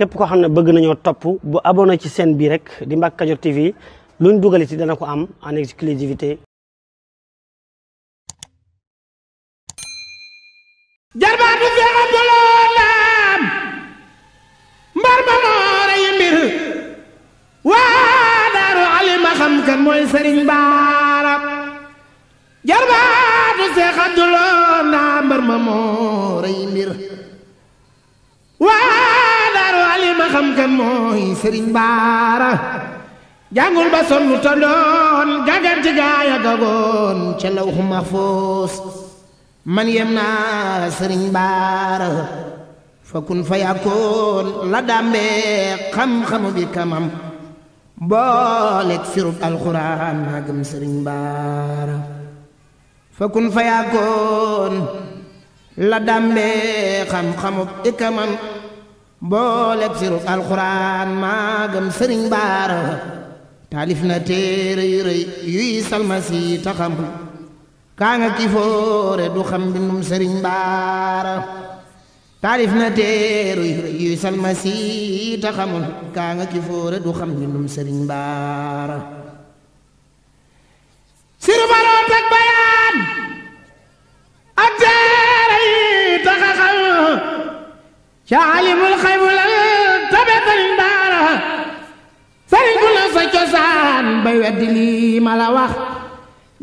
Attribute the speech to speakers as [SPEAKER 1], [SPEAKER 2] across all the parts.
[SPEAKER 1] képp koo xam ne bëgg nañoo topp bu abonné ci seen bii rek di Mbacke Kadior TV luñ dugal ci dana ko am en exclusivité jarbaatu Seex Abdulaa Naam mbar ma moora yi waa daaru alima xam kan mooy sëriñ baara jarbaatu Seex Abdulaa Naam mbar ma moora yi kan mooy sëriñ baara jàngul ba sonn tondoon gàggan ci gaaya gagoon ca lawhu mahfuus man yem naa sëriñ baara fa kun fa la dàmbee xam-xamu bi kamam booleeg sirub alxuraan maa gëm sëriñ baara fa kun fa la dàmbee xam-xamu bi kamam mbooleb sirub alxuraan maagam sëriñ baara taalif na téere yu rëy salmasi taxamul kaa nga kifoore du xam bindum sëriñ baara taalif na téere yu rëy salmasi taxamul kaa nga kifoore du xam bindum sëriñ baara ca alimul xaymulal tabe sëriñ baara sëriñ bu na sa cosaan bay weddi lii ma la wax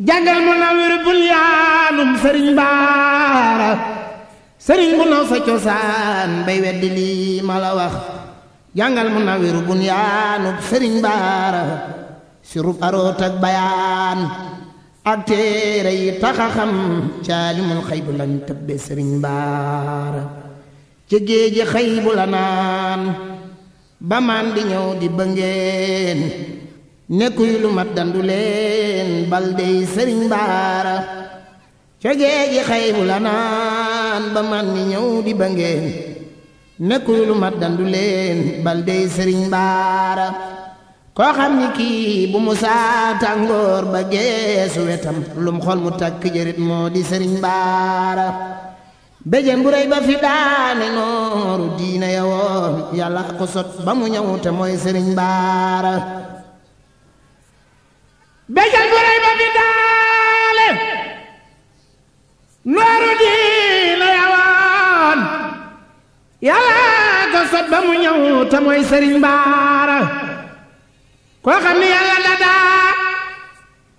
[SPEAKER 1] jàngal mu na wér bul yaanum sëriñ baara sëriñ bu na sa cosaan bay weddi lii ma la wax jàngal mu na wér yaanum sëriñ baara surub aroot ak bayaan ak téere yi taxa xam ca alimul xaymulal tabe sëriñ baara ca géeje xëy bu la naan ba maan di di bëngeen nekkuy lu mat dandu leen bal dey sëriñ baara ca géeje la naan ba maan di ñëw di bëngeen nekkuy lu mat dandu leen bal dey sëriñ baara koo xam ni kii bu musaa tàngoor ba geesu wetam lum xol mu moo di sëriñ baara béjjén bu rëy ba fi daane nooru diine ya woon yàlla ko sot ba mu ñëw te mooy baara koo xam ni yàlla dadaa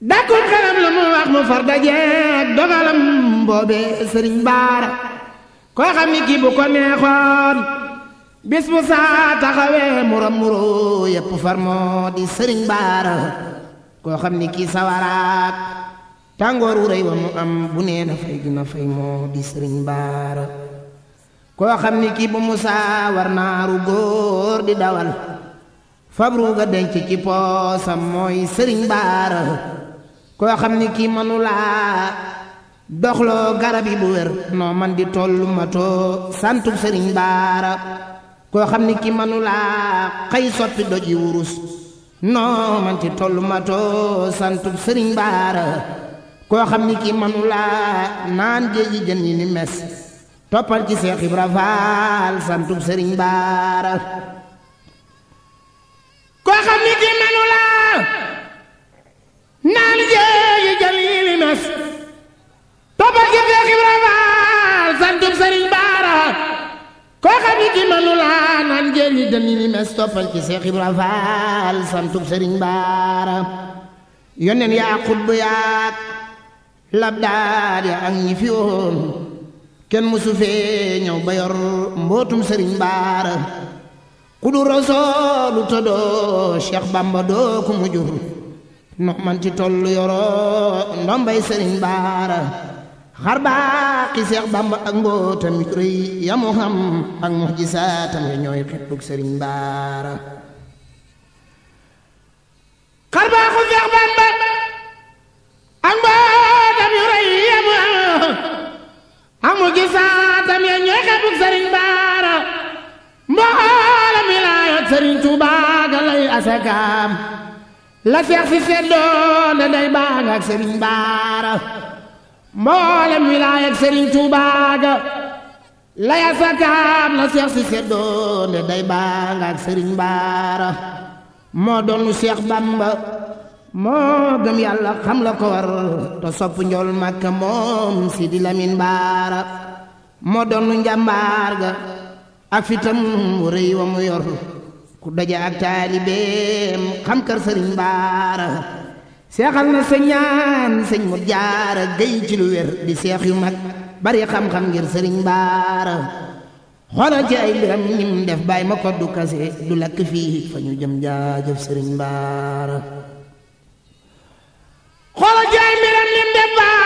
[SPEAKER 1] dakkul xelam lu mu wax mu far dajeeg dogalam boobee sëriñ baara koo xam ni kii bu ko neexoon bis bu saa taxawee muram muro yépp far moo di sëriñ baara koo xam ni kii sawaraak tàngoor wu wa mu am bu nee na fay dina fay moo di sëriñ baara koo xam ni kii bu mu saa war naaru góor di dawal fabru ga denc ci poosam mooy sëriñ baara koo xam ni kii mënu doxloo garab yi bu wér noo man di tollu mato santu sëriñ baara koo xam ni ki manulaa xëy soppi doj yi wurus noo man di tollu mato santu sëriñ baara koo xam ni ki manulaa naan géeji jën yi ni mes toppal ci Seex Ibra Faal sëriñ baara koo xam ni ki manulaa naan géej ki manulaa naan géer yi dënni li mes toppal ci Seex Ibra Faal santub Sëriñ Baara yónneen yaa xutbu yaak labdaar ya ak ñi fi woon kenn musu fee ñëw ba yor mbootum Sëriñ Baara ku du rasoolu todoo Cheikh Bamba doo mujur nox man ci toll yoroo ndombay Sëriñ Baara xar baaxi Seex Bàmba ak mbootam yu rëy yamu xam ak muxjisaatam ya ñooy xeppug sëriñ baara xar baaxu Seex Bàmba ak mbootam yu rëy yamu xam ak muxjisaatam ya ñooy xeppug sëriñ baara mboolam wilaayat sëriñ Tuubaa ga lay asakaam la seex si seddoo na day baax ak sëriñ baara mboolem wilaaya ak Serigne Touba ga laya sa kaab seex si seddoo day baa nga ak Serigne Baara moo doonu Seex Bamba moo gëm yàlla xam la ko war te sopp njool Makka moom Sidi Lamin Baara moo doonu njàmbaar ga ak rëy wa mu yor ku daje ak taalibeem xam kër Serigne Baara seexal na sa ñaan sëñ mu jaara géy ci lu wér di seex yu mag bari xam-xam ngir sëriñ baara xoolal ci ay biram ñim def bàyyi ma ko du du lakk fii fa ñu jëm jaajëf sëriñ baara xoolal ci ay biram ñim def bàyyi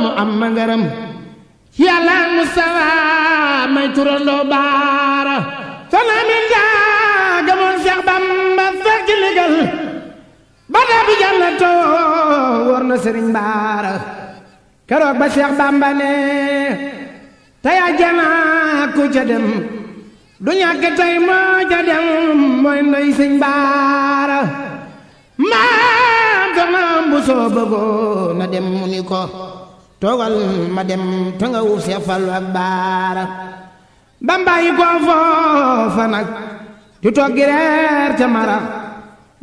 [SPEAKER 1] mu am ma ngaram yàlla mu sawa may turandoo baara fanaa min daa gëmoon Seex Bamba fekk ligal ba dabi jànnatoo wóor na sëriñ baara keroog ba Seex Bamba ne tey ajjana ca dem du ñàkk tey moo dem mooy ndoy baara maam soxna bu soo dem mu ni ko toogal ma dem te nga wuuf see baara bambayi koo foofa nag di toggi reer ca mara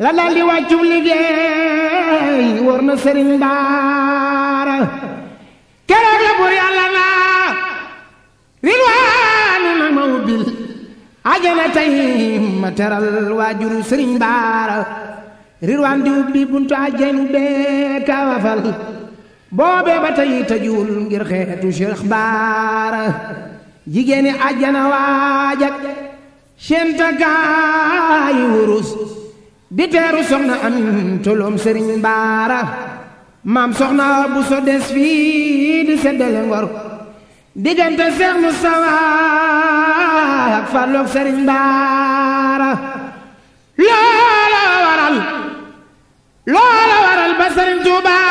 [SPEAKER 1] la dal di liggéey wóor na sëriñ baara keroog la bur yàlla naa rilwaanu nag ma ubbil ajana ma teral waajuru sëriñ baara rilwaan di ubbi buntu ajanu bee kaawafal boobee ba tey tëjuwul ngir xeetu Cheikh Baara jigéeni àjjana waajak seentakaayi wurus di soxna amin toloom sëriñ Baara maam soxna bu so des fii di seddale ngor diggante Seex Mustafa ak fàlloog sëriñ Baara loola waral loola waral ba sëriñ Tuubaa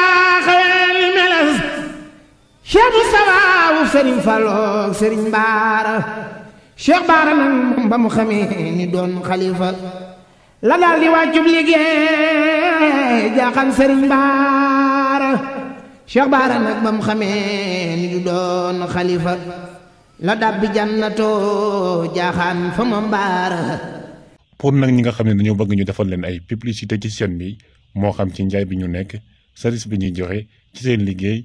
[SPEAKER 1] cheikh Moustapha wu Serigne Fallou Serigne Baara cheikh Baara nag moom ba mu xamee ni doon xalifa la daal jànnatoo jaaxaan fa moom Baara. pour nag ñi nga xam ne dañoo bëgg ñu defal leen ay publicité ci seen bi moo xam ci njaay bi ñu nekk service bi ñuy joxe ci seen liggéey.